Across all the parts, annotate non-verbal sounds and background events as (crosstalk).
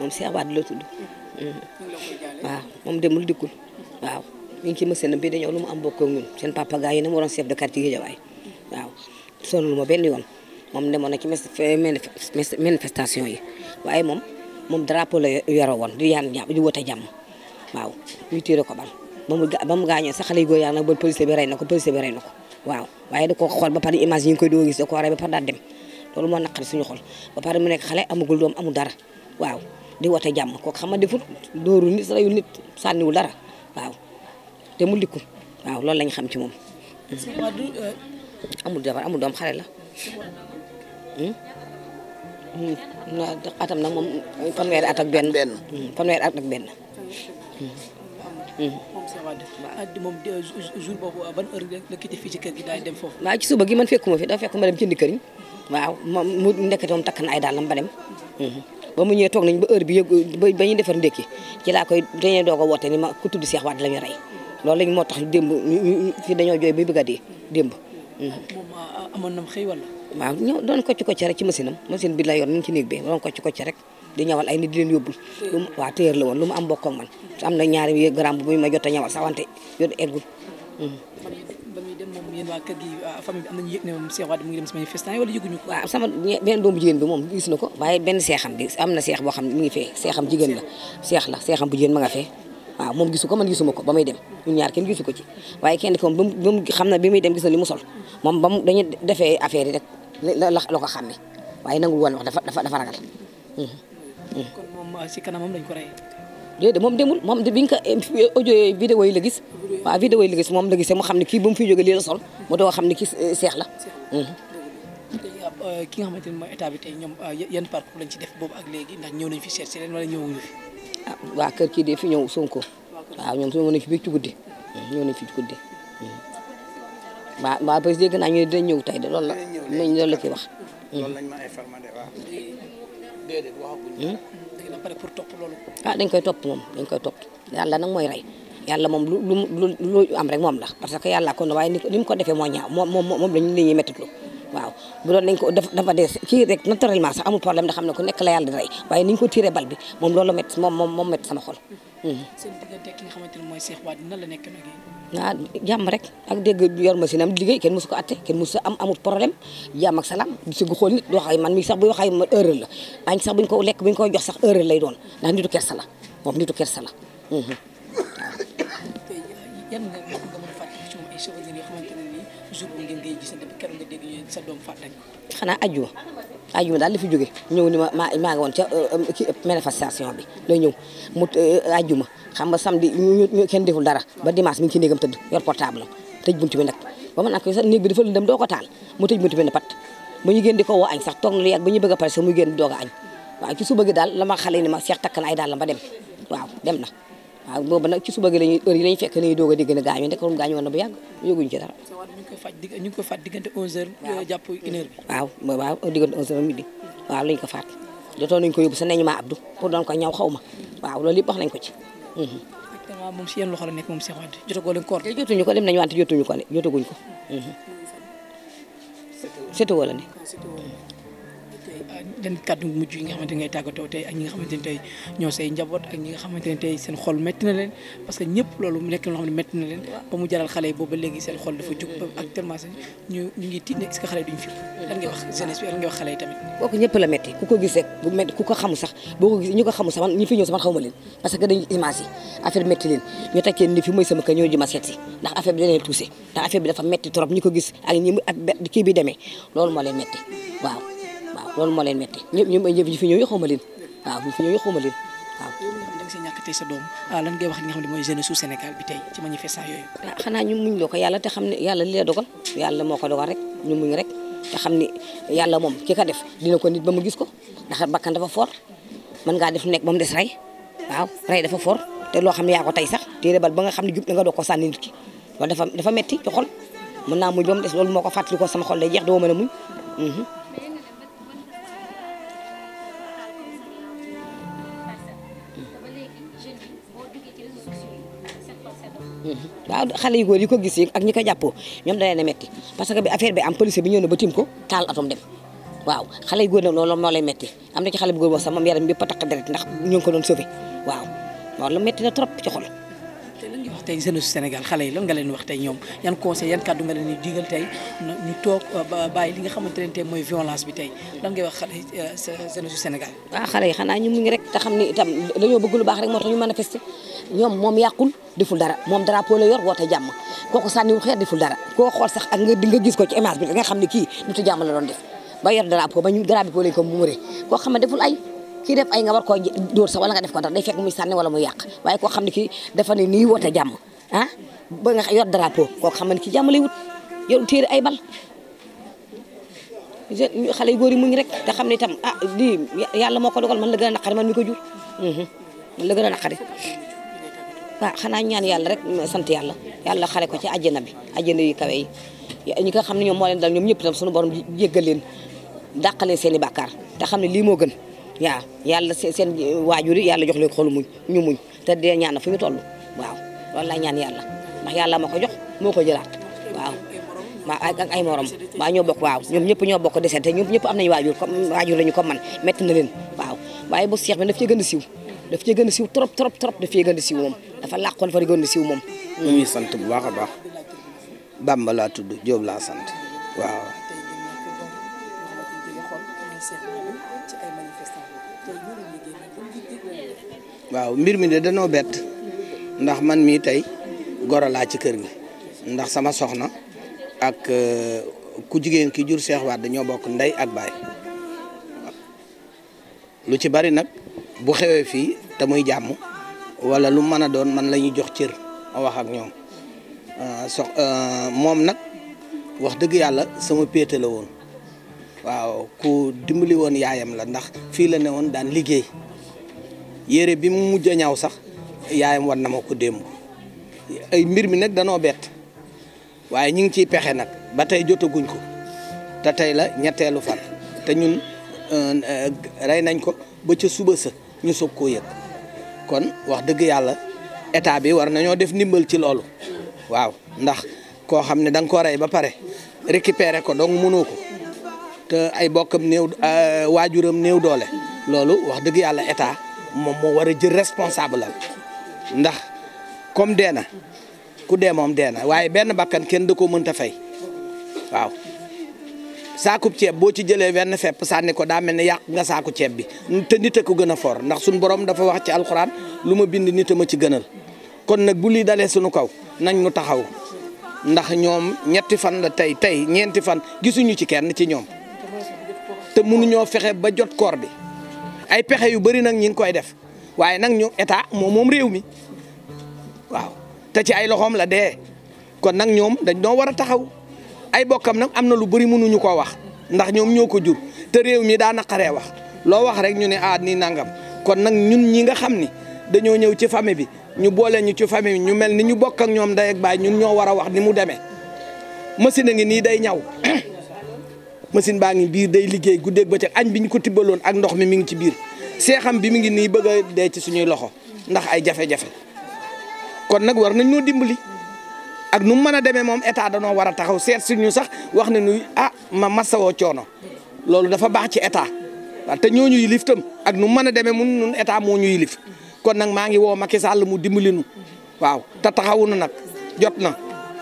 moom Cheikh Wade la tudd waaw moom demul dikkul waaw mi ngi ci machine bi dañoo lu mu am bokk ak ñun seen papa gars yi na mu waroon chef de quartier Guédiawaye waaw sonal ma benn yoon moom demoon na ci manifestation yi waaye moom moom dara drapeau la yoro woon di yaan jàmm di wote jàmm waaw ñu tiire ko bal ba mu gaañoo sax xale yu góor yaa na ba police bi rey na ko police bi rey na ko waaw waaye da ko xool ba pare image ko ngi koy doo gis da ko rey ba pare daal dem loolu moo naqari suñu xol ba par mu nekk xale amagul doom amul dara waaw di wote jàmm kooku xam nga deful dóoru nit reyul nit sànniwul dara waaw te mu waaw loolu lañ xam ci moom euh, amul jabar amul doom xale la Hmm. Hmm. atam nag moom fanweeri at ak benn. benn hmm. fanweeri at ak benn. moom ça va def moom euh, jour boobu euh, ban fii ci kër gi daal dem foofu. waaw ci suba gi man fekkuma fi dafa fekk ma dem jëndi këriñ waaw moom mu nekkati moom takk na ay dàllam ba ba mu ñëwee toog nañ ba heure bi yëg ba ñuy defar ndékki ci laa koy dañuy doog a woote ni ma ku tudd Cheikh Wade la ñu rey loolu lañ moo tax démb fii dañoo jooy ba bëgg a dee démb. moom euh, amoon na xëy wala. waaw ñëw doon kocc kocc rek ci machine am machine bi la yor nañ ci néeg bi doon kocc kocc rek di ñawal ay nit leen yóbbul lu waaw téer la woon lu am bokk ak man am na ñaari gramme bu jot a ñawal sax wante yor eggul hmm. ba muy dem moom yéen waa kër gi ah, famille bi am nañu yëg ne moom Cheikh moom gis na ko waaye benn seexam bi am seex boo xam ne mu ngi fee seexam jigéen la seex la seexam bu jigéen ma nga fee waaw moom gisu ko man gisuma ko ba muy dem ñun ñaar kenn gisu ko ci waaye kenn ko moom ba mu xam na bi muy dem gis na li mu sol moom ba mu dañu defee affaire yi rek la la ko xàmme waaye nangul woon wax dafa dafa dafa ragal. Hmm. Hmm. kon moom euh, si kanamam lañ ko rey. déedéet moom demul moom biñ ko audio yooyu vidéo yi la gis. waaw vidéo yi la gis moom la gisee mu xam ne kii ba mu fiy jógee lii la sol mu doog a xam ne kii seex la. Hmm. Euh, ki nga xamante ne mooy état bi tey ñoom euh, yan parcours lañ ci def boobu ak léegi ndax ñëw nañ fi seet si leen wala ñëwuñu fi. ah waa kër kii de fi ñëw Sonko waaw ñoom ñëw nañ fi ci guddi ñëw nañ fi ci guddi waaw waaw parce que dégg naa ñu ne dinañ ñëw tey de loolu la. loolu loolu la ci wax. loolu lañ ma informé de waaw. déedéet waxaguñ. da hmm? pare pour topp loolu. ah dañ koy topp moom dañ koy topp yàlla nag mooy rey yàlla moom lu lu lu am rek moom la parce que yàlla kon waaye ni mu ko defee moo ñaaw moom moom moom lañ li ñuy waaw bu doon ko def dafa dee kii rek naturellement sax amul problème da xam ne ku nekk la yàlla di rey waaye ni ko tiré bal bi moom loolu la moom moom moom métti sama xol. Hmm. seen diggante ak ki xamante ne mooy Cheikh Wade nan nekk nag jàmm rek ak dégg yor machine am liggéey kenn mosu ko atte kenn mosu am amut problème jàmm ak salaam di si gu xool nit wax ay man mi sax bu wax ay man heure la añ sax buñ ko lekk buñ ko jox sax heure lay doon ndax nitu kersa la moom nitu kersa la waaw. Hmm. Uh, yan nga nga mën a fàttali ci moom ay souvenirs yoo xamante xanaa aju ajuma daal la fi jóge ñëw ni ma maa maa ngi woon ca euh, euh, kii manifestation bi la ñëw mu euh, ajuma xam nga di ñu kenn deful dara ba dimanche mi ngi ci néegam tëdd yor portable am tëj buntu bi nag ba man ak sax bi dafa lëndëm doo ko taal mu tëj buntu bi ne pat ba ñu génn di ko woo añ sax toog na lu ba ñu bëgg a pare sax muy génn doog a añ waaw ci suba daal la ma xale ni ma seex takk ay daal la ba dem waaw dem na waaw boobu nag ci suba gi lañuy heure fekk lañuy doog a dégg ne gaañu ndek moom gaañu woon na bu yàgg yóguñu ci dara ñu ngi koy diggante 11h waaw euh, waaw diggante 11h midi waaw lañ ko faat jotoon nañ ko yóbbu sa neñu ma Abdou pour doon ko ñaw xaw ma waaw loolu yëpp wax nañ ko ci waaw mhm. moom si yéen loxo la nekk moom Cheikh Wade jotagoo leen koor eh, jotuñu ko dem nañu wante jotuñu ko ne jotaguñ ko mhm. sétéo la ne dan kàddu mujj yi nga xamante ngay tàggatoo tey ak ñi nga xamante ne tey ñoo say njaboot ak ñi nga xamante tey seen xol métti na leen parce que ñëpp xam ne métti na leen ne est-ce que xale yi duñ fi lan ngay wax jeunesse bi lan ngay wax xale yi tamit kooku ñëpp la métti ku ko gis rek bu métti ku ko xamu sax boo ko gis ñu ko xamu sax man ñi fi ñëw sax man ma leen parce que dañu image yi affaire métti leen ñu teg ni fi mooy sama kër ñoo jëma si ndax affaire bi dafa métti trop ñi ko gis ak ñi kii bi demee loolu moo leen métti waaw loolu moo leen metti ñëpp ñëpp ñëpp ñu fi ñëw xawma leen waaw ñu fi ñëw xawma leen waaw da nga sa ah, lan ngay wax li nga xam ne mooy Sénégal bi tey ah, xanaa ñu muñ loo ko yàlla te xam ne yàlla li la dogal moo ko dogal rek ñu muñ rek te xam ni yàlla moom ki ko def dina ko nit ba mu gis ko ndax bakkan dafa fort man ngaa def nekk ba mu des rey waaw rey dafa fort te loo xam ne yaa ko tey sax téere bal ba nga xam ne jub da nga doo ko sànni nit ki loolu dafa dafa metti ci xol naa muñ ba mu des moo ko fàttali ko sama xol day jeex doo mën a muñ mhm. waaw xale yu góor yi ko gis yi ak ñi ko jàppoo ñoom da leen a metti parce que bi affaire bi am policier bi ñëw na ba tim ko taal atom dem waaw xale yu góor nag loolu moo lay metti am na ci xale bu góor boo sax moom yaram bi yëpp a taq deret ndax ñu ngi ko doon sauvé waaw loolu metti na trop ci xol tey jeunesse Sénégal xale yi lan nga leen wax tey ñoom yan conseil yan kàddu nga leen di digal tey ñu toog euh, bàyyi li nga xamante ne tey mooy violence bi euh, ah, dara moom la yor woote jàmm kooku sànniwul xeer deful dara koo xool ko ci image bi da nga xam ni kii nitu jàmm la doon def ba koo xam deful ay kii def ay nga war koo dóor sax wala nga def ko ndax day fekk muy sànni wala mu yàq waaye koo xam ne ki dafa nii woote jàmm ah ba nga yor drapeau koo xam ne kii jàmm lay wut yor téere ay bal xale yu góor yi muñ rek te xam ne itam ah, lii yàlla moo ko man la gën a naqari man mi ko jur mhm, man la gën a naqari waaw xanaa ñaan yàlla rek sant yàlla yàlla xale ko ci àjjana bi àjjana yu kawe yi ñi nga xam ne ñoom moo leen dal ñoom ñëpp itam sunu borom jéggal leen dàqaleen seeni i bàkkaar te xam ne lii moo gën waaw yàlla seen waajur yi yàlla jox leen xolu muñ ñu muñ te dee ñaan na fu ñu toll waaw loolu la ñaan yàlla ndax yàlla moo ko jox moo ko jëlaat waaw ma ay morom waaw ñoo bokk waaw ñoom ñëpp ñoo bokk deseen te ñoom ñëpp am nañ waajur comme waajur lañu comme man metti na leen waaw waaye bu seex bi daf cee gën a daf cee gën a siiw trop trop trop daf cee gën a siiw moom dafa làqoon fa di gën a siiw moom ñu ngi sant bu baax a baax Bamba laa tudd Jóob laa sant waaw waaw mbir mi de danoo bett ndax man mii tey goro laa ci kër gi ndax sama soxna ak euh, ku jigéen ki jur Cheikh Wade dañoo bokk ndey ak baay lu ci bari nag bu xewee fii te muy jàmm walla lu mën a doon man la ñuy jox cër ma wax ak ñoom euh, sox euh, moom nag wax dëgg yàlla sama péete la woon waaw ku dimbali woon yaayam la ndax fii la ne woon daan liggéey yére bi mu mujj a ñaaw sax yaayam war na ma ko démb ay mbir mi nag danoo bett waaye ñu ngi ciy pexe nag ba tey jotaguñ ko te tey la ñetteelu fan te ñun euh, euh, rey nañ ko ba ca suba sa ñu soog ko yëg kon wax dëgg yàlla état bi war nañoo def ndimbal ci loolu waaw ndax koo xam ne da nga ko rey ba pare récupérer ko donc mënoo ko te ay bokkam néew euh, waajuram néew doole loolu wax dëgg yàlla état. moom moo war a jël responsable am ndax comme dee na ku dee moom dee na waaye benn bakkan kenn da koo mënta fay waaw saakub ceeb boo ci jëlee wenn fepp sànni ko daa mel ne yàq nga saaku ceeb bi te nit a ko gën a for ndax suñ boroom dafa wax ci alxuraan lu ma bind nit a ma ci gënal kon nag bu lii dalee suñu kaw nañ ñu taxaw ndax ñoom ñetti fan la tey tey ñeenti fan gisuñu ci kenn ci ñoom te mënuñoo fexe ba jot koor bi ay pexe yu bari nag ñi ngi koy def waaye nag ñu état moom moom réew mi waaw te ci ay loxoom la dee kon nag ñoom dañ doon war a taxaw ay bokkam nag am na lu bëri mënuñu ko wax ndax ñoom ñoo ko jur te réew mi daa naqaree wax loo wax rek ñu ne ah nii nangam kon nag ñun ñi nga xam ni dañoo ñëw ci famille bi ñu boole ñu ci famille bi ñu mel ni ñu bokk ak ñoom day ak ñun ñoo war a wax ni mu demee machine a ngi nii day ñaw (clears throat) machine baa ngi biir day liggéey guddeeg bëccëg añ bi ñu ko tibbaloon ak ndox mi mi ngi ci biir seexam bi mi ngi nii bëgg a dee ci suñuy loxo ndax ay jafe-jafe kon nag war nañ ñoo dimbali ak nu mu mën a demee moom état danoo war a taxaw seet si sax wax ne nuy ah ma masawoo coono loolu dafa baax ci état waaw ñooñu yilif ak nu mën a demee mun état moo ñu yilif kon nag maa ngi woo Macky Sall mu dimbali nu waaw te taxawu na nag jot na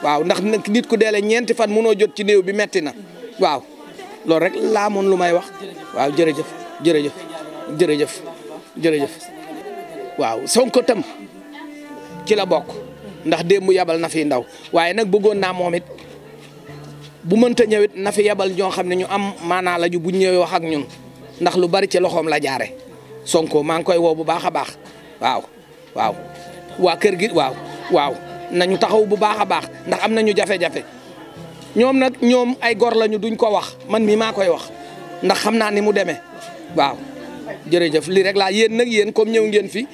waaw ndax nag nit ku deele ñeenti fan munoo jot ci néew bi metti na waaw loolu rek laamoon lu may wax waaw jërëjëf jërëjëf jërëjëf jërëjëf waaw Sonko tam ci la bokk ndax démb yabal na fi ndaw waaye nag bëggoon naa moom it bu mënta ñëwit nafi yabal ñoo xam ne ñu am maanaa la ñu ñëwee wax ak ñun ndax lu bari ci loxoom la jaare Sonko maa ngi koy woo bu baax a baax waaw waa kër gi waaw waaw nañu taxaw bu baax a baax ndax am nañu jafe-jafe ñoom nag ñoom ay gor lañu duñ ko wax man mii maa koy wax ndax xam naa ni mu demee waaw jërëjëf lii rek laa yéen nag yéen comme ñëw ngeen fi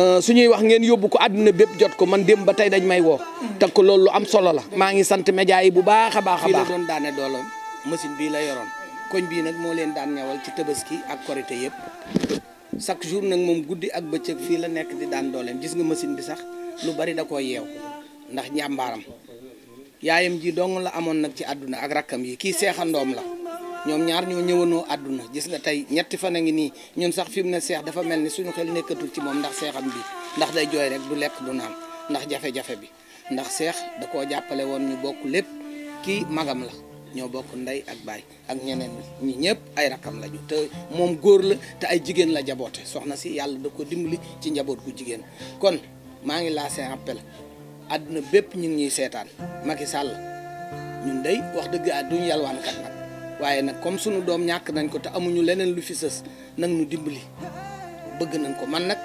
euh, su ñuy wax ngeen yóbbu ko àdduna bépp jot ko man démb ba tey dañ may woo. te ko loolu lu am solo la. maa ngi sant média yi bu baax a baax a baax. fii la daane doolam machine bii la yoroon. koñ bii nag moo leen daan ñawal ci tabaski ak korité yëpp chaque jour nag moom guddi ak bëccëg fii la nekk di daan dooleem gis nga machine bi sax lu bari da ko yeew ndax njàmbaaram. yaayam ji dong la amoon nag ci àdduna ak rakkam yi kii seexandoom la ñoom ñaar ñoo ñëwanoo àdduna gis na tey ñetti fan a ngi nii ñun sax fi mu ne seex dafa mel ni suñu xel nekkatul ci moom ndax seexam bi ndax day jooy rek du lekk du naan ndax jafe-jafe bi ndax seex da koo jàppale woon ñu bokk lépp kii magam la ñoo bokk ndey ak baay ak ñeneen ñëpp ay rakkam lañu te moom góor la te ay jigéen la jaboote soxna si yàlla da ko dimbali ci njaboot gu jigéen kon maa ngi lancé appel àdduna bépp ñu ngi ñuy seetaan Macky sàll ñun day wax dëgg ah duñu yalwaankat nag waaye nag comme sunu doom ñàkk nañ ko te amuñu leneen lu fi sës nag nu dimbali bëgg nañ ko man nag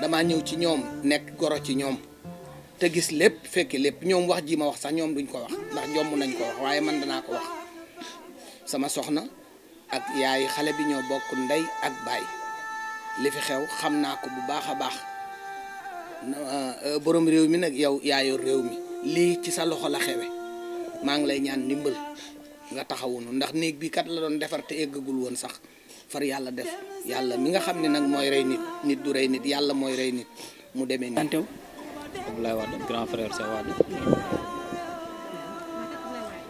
damaa ñëw ci ñoom nekk goro ci ñoom te gis lépp fekk lépp ñoom wax ji ma wax sax ñoom duñ ko wax ndax jomm nañ ko wax waaye man danaa ko wax sama soxna ak yaay xale bi ñoo bokk ndey ak baay li fi xew xam naa ko bu baax a baax Euh, borom réew mi nag yow yaa réew mi lii ci sa loxo la xewe maa ngi lay ñaan ndimbal nga taxawunu ndax néeg bi kat la doon defar te eggagul woon sax far yàlla def yàlla mi nga xam ne nag mooy rey nit nit du rey nit yàlla mooy rey nit mu demee nii. Abdoulaye Wade grand frère sa Wade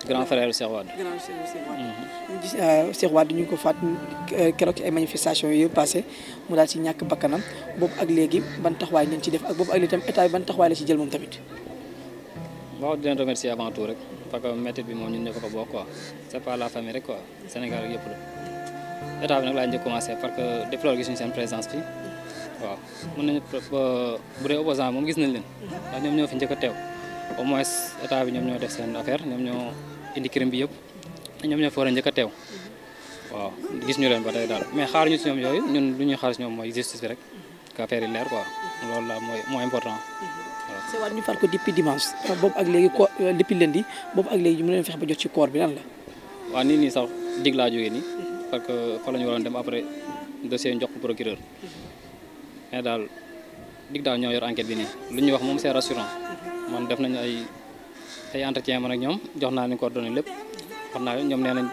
grand frère Cheikh Wade. grand frère Cheikh mhm. Wade. ñu gis ko faat euh, keroog ci ay manifestations yooyu passé mu daal ci ñàkk bakkanam boobu ak léegi ban taxawaay lañ ci def ak boobu ak léegi tamit. waaw que métti bi moom ñun ñoo ko bokk quoi c'est pas la famille rek quoi Sénégal ak nag laa njëkk commencé parce que déplore gis ñu seen présence fii waaw mën nañu bu dee opposant moom gis nañ leen ndax ñoom ñoo fi njëkk a teew au moins état bi ñoom ñoo def seen affaire ñoom ñoo indi crème bi yëpp ñoom ñoo fa war a njëkk a teew waaw gis ñu leen ba tey daal mais xaar ñu si ñoom yooyu ñun lu ñuy xaar si ñoom mooy justice bi rek que affaire yi leer quoi mooy important waaw. ñu far ko depuis dimanche boobu ak léegi ko euh, depuis lundi boobu ak léegi ñu mën leen fexe ba jot ci koor bi lan la. waaw nii nii sax dig laa jógee nii parce que fa la waroon dem après dossier njox procureur mais daal dig daal ñoo yor enquête bi nii lu ñuy wax tey entretien man ak ñoom jox naa ni ko coordonné lépp wax naa ñoom nee nañ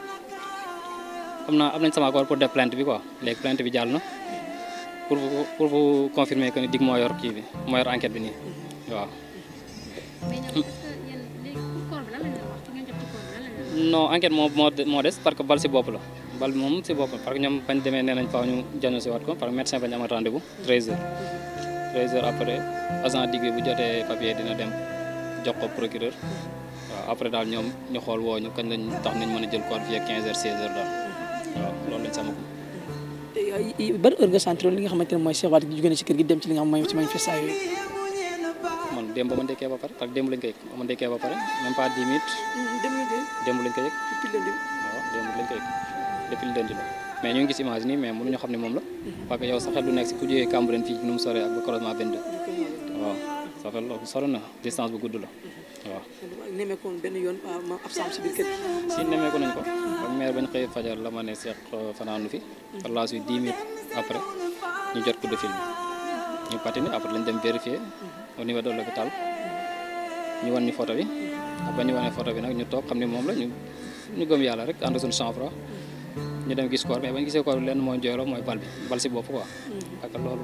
am na am nañ sama accord pour def plainte bi quoi léegi plainte bi jàll na pour pour vous confirmer que ni dig moo yor kii bi moo yor bi nii waaw. non enquête moo moo moo des parce que bal si bopp la bal moom si bopp la parce que ñoom bañ demee nee nañ faaw ñu jano si waat ko parce que médecin bañ amat rendez-vous 13h 13h après agent digg bi bu jotee papier dina dem. jox ko procureur waaw après daal ñoom ñu xool woo ñu kañ lañ tax nañ mën a jël corps fii ak 15 heures 16 heures daal waaw loolu lañ sama ko. ban heure nga centré li nga xamante ne mooy Cheikh Wade gi jóge na ci kër gi dem ci li nga xam mooy ci manifestation yooyu. man démb ba ma ndekkee ba pare parce que démb lañ ko yëg ba ma ndekkee ba pare même pas 10 minutes. Mm, démb lañ ko yëg. waaw démb lañ ko yëg depuis lundi la mais ñu ngi gis xam ne moom la mm-hmm. parce que yow sa xel du nekk si ku jógee Cambérène ak ba croisement xam nga na distance bu gudd la waaw. Ah, nemmeeku woon benn si biir nañ ko ak maire bañ xëy fajar la ma ne euh, fanaanu fi par la suite dix minutes après ñu jot ko de film ñu ni après lañ dem vérifier au niveau de l'hôpital ñu wan ni photo bi ba ñu wanee photo bi nag ñu toog xam ne moom la ñu ñu gëm yàlla rek ànd suñu sang-froid ñu dem gis corps mais bañ gisee corps bi lenn mooy jooyloo mooy bal bi bal si bopp quoi mm-hmm. ak loolu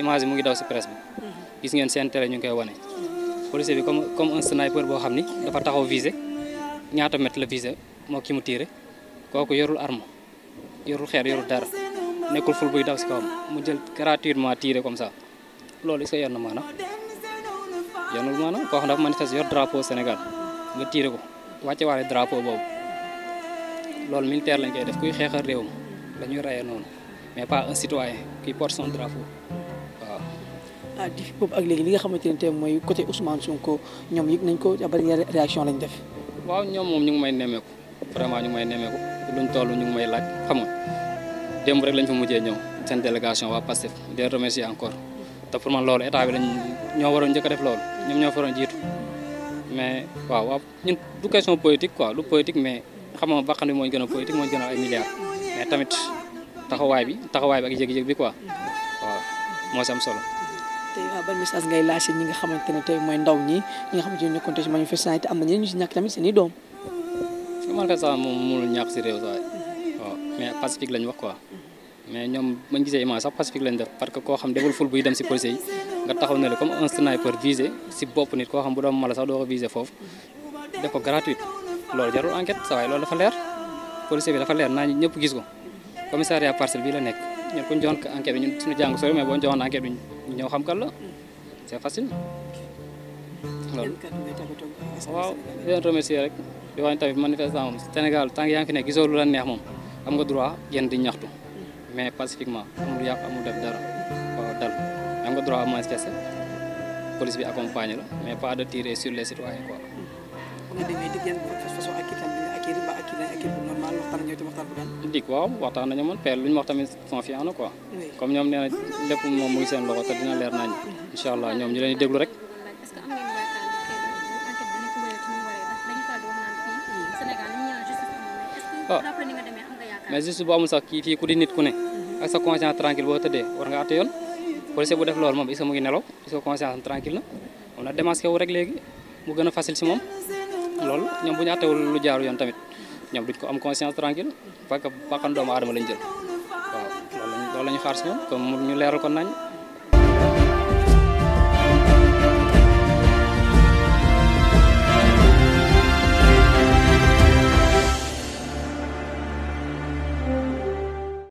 image mu ngi daw si presse gis ngeen seen télé ñu ngi koy wane policier bi comme comme un sniper boo xam ni dafa taxaw visé ñaata mètre la visé moo ki mu tiire kooku yorul arme yorul xeer yorul dara nekkul ful buy daw si kawam mu jël gratuitement tiire comme ça loolu est-ce que yor na maanaam yonul maanaam koo xam dafa manifeste yor drapeau Sénégal nga tiire ko wàcce waale drapeau boobu loolu militaire lañ koy def kuy xeexal réewam dañuy rayee noonu mais pas un citoyen ah depuis boobu ak léegi li nga xamante ne tey mooy côté Ousmane Sonko ñoom yëg nañ ko ban réaction lañ moom ñu ngi may nemmeeku vraiment ñu ngi may nemmeeku luñ toll ñu ngi may laaj xam nga démb rek lañ fa mujjee ñëw seen délégation waa PASTEF di remercier encore te pour man loolu état bi lañ ñoo waroon njëkk def loolu ñoom ñoo faroon jiitu mais waaw waaw ñun du question politique quoi lu politique mais xam nga bàqan bi moo ñu gën a politique moo ñu gën a ay milliards mais tamit taxawaay bi taxawaay bi ak jékki-jékki bi quoi waaw moo si solo. tey ban message ngay laajte ñi nga xamante ne tey mooy ndaw ñi ñi nga xamante ne ñoo nekkoon ci manifestation yi te am na ñeneen ñu si ñàkk tamit seen i doom. si manifestation moom mënul ñàkk si réew sax waaw mais pacifique lañ wax quoi mais ñoom bañ gisee sax pacifique lañ def parce que koo xam deful ful buy dem si policier yi nga taxaw ne la comme un sniper visé si bopp nit koo xam bu doon mala sax doo ko visé foofu def ko gratuite loolu jarul enquête sa waay loolu dafa leer policier ñëpp gis ko commissariat parcelle bii la nekk ñun ñoo xam kan la c'est facile loolu waaw di leen remercier rek di wax tamit manifestant Sénégal tant que yaa ne gisoo lu la neex moom am nga droit génn di ñaxtu mais pacifiquement amul yàq amul def dara waaw dal am nga droit manifester police bi accompagne la mais pas de tirer sur les citoyens quoi waxtaan ak ñoom itam waxtaan waaw waxtaan nañu man père lu ñu wax tamit confiant na na lépp moom mu ngi seen loxo te dina leer nañ incha allah ñoom ñu leen di rek. waaw mais ah. juste bu amul sax kii fii ku di nit ku ne ak sa conscience tranquille boo tëddee war nga àtte yoon policier bu def loolu moom est mu ngi nelaw est-ce conscience tranquille na moom na démasqué rek léegi mu gën a facile si moom loolu ñoom bu ñu àttewul lu jaaru yoon tamit ñoom duñ ko am conscience tranquille parce que bakkan doomu aadama lañ jël waaw loolu lañ loolu la ñu xaar si ñoom comme ñu leeral kon nañ